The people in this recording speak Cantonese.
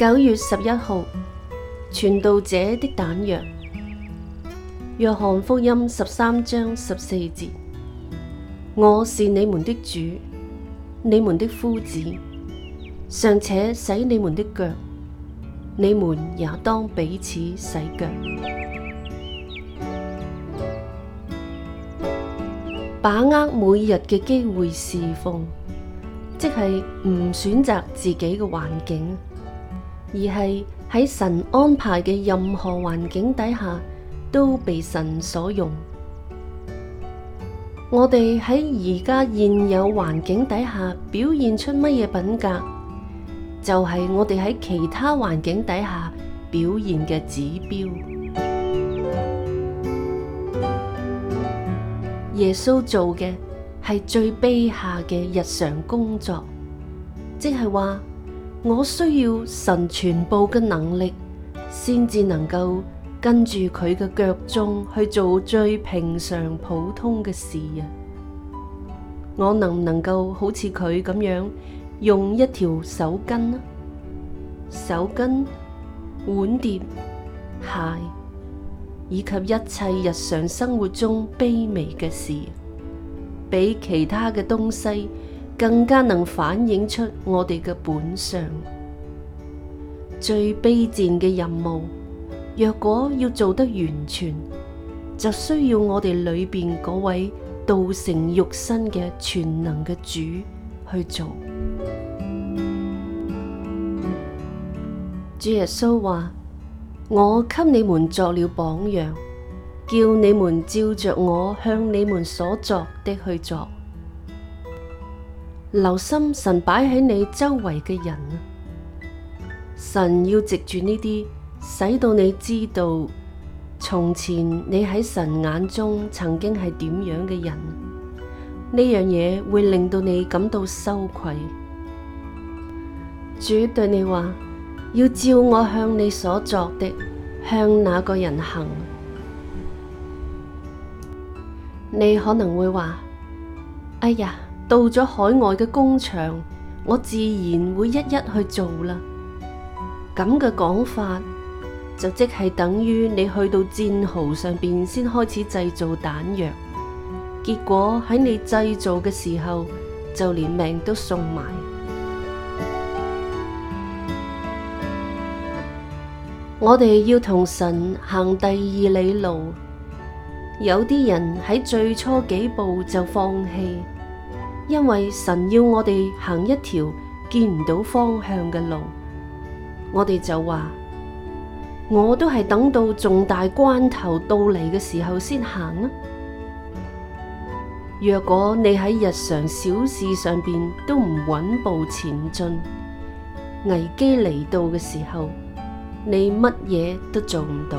九月十一號，傳道者的彈藥，約翰福音十三章十四節：我是你們的主，你們的夫子，尚且洗你們的腳，你們也當彼此洗腳。把握每日嘅機會侍奉，即係唔選擇自己嘅環境。而係喺神安排嘅任何環境底下，都被神所用。我哋喺而家現有環境底下表現出乜嘢品格，就係我哋喺其他環境底下表現嘅指標。耶穌做嘅係最卑下嘅日常工作，即係話。我需要神全部嘅能力，先至能夠跟住佢嘅腳蹤去做最平常普通嘅事啊！我能唔能夠好似佢咁樣，用一條手巾啊、手巾、碗碟、鞋，以及一切日常生活中卑微嘅事，比其他嘅東西？更加能反映出我哋嘅本相，最卑賤嘅任務，若果要做得完全，就需要我哋裏邊嗰位道成肉身嘅全能嘅主去做。主耶穌話：「我給你們作了榜樣，叫你們照着我向你們所作的去做。」留心神擺喺你周圍嘅人，神要藉住呢啲，使到你知道從前你喺神眼中曾經係點樣嘅人。呢樣嘢會令到你感到羞愧。主對你話：要照我向你所作的，向那個人行。你可能會話：哎呀！到咗海外嘅工場，我自然會一一去做啦。咁嘅講法，就即係等於你去到戰壕上面先開始製造彈藥，結果喺你製造嘅時候，就連命都送埋。 我哋要同神行第二里路，有啲人喺最初幾步就放棄。因為神要我哋行一條見唔到方向嘅路，我哋就話我都係等到重大關頭到嚟嘅時候先行啦啊。若果你喺日常小事上邊都唔穩步前進，危機嚟到嘅時候，你乜嘢都做唔到。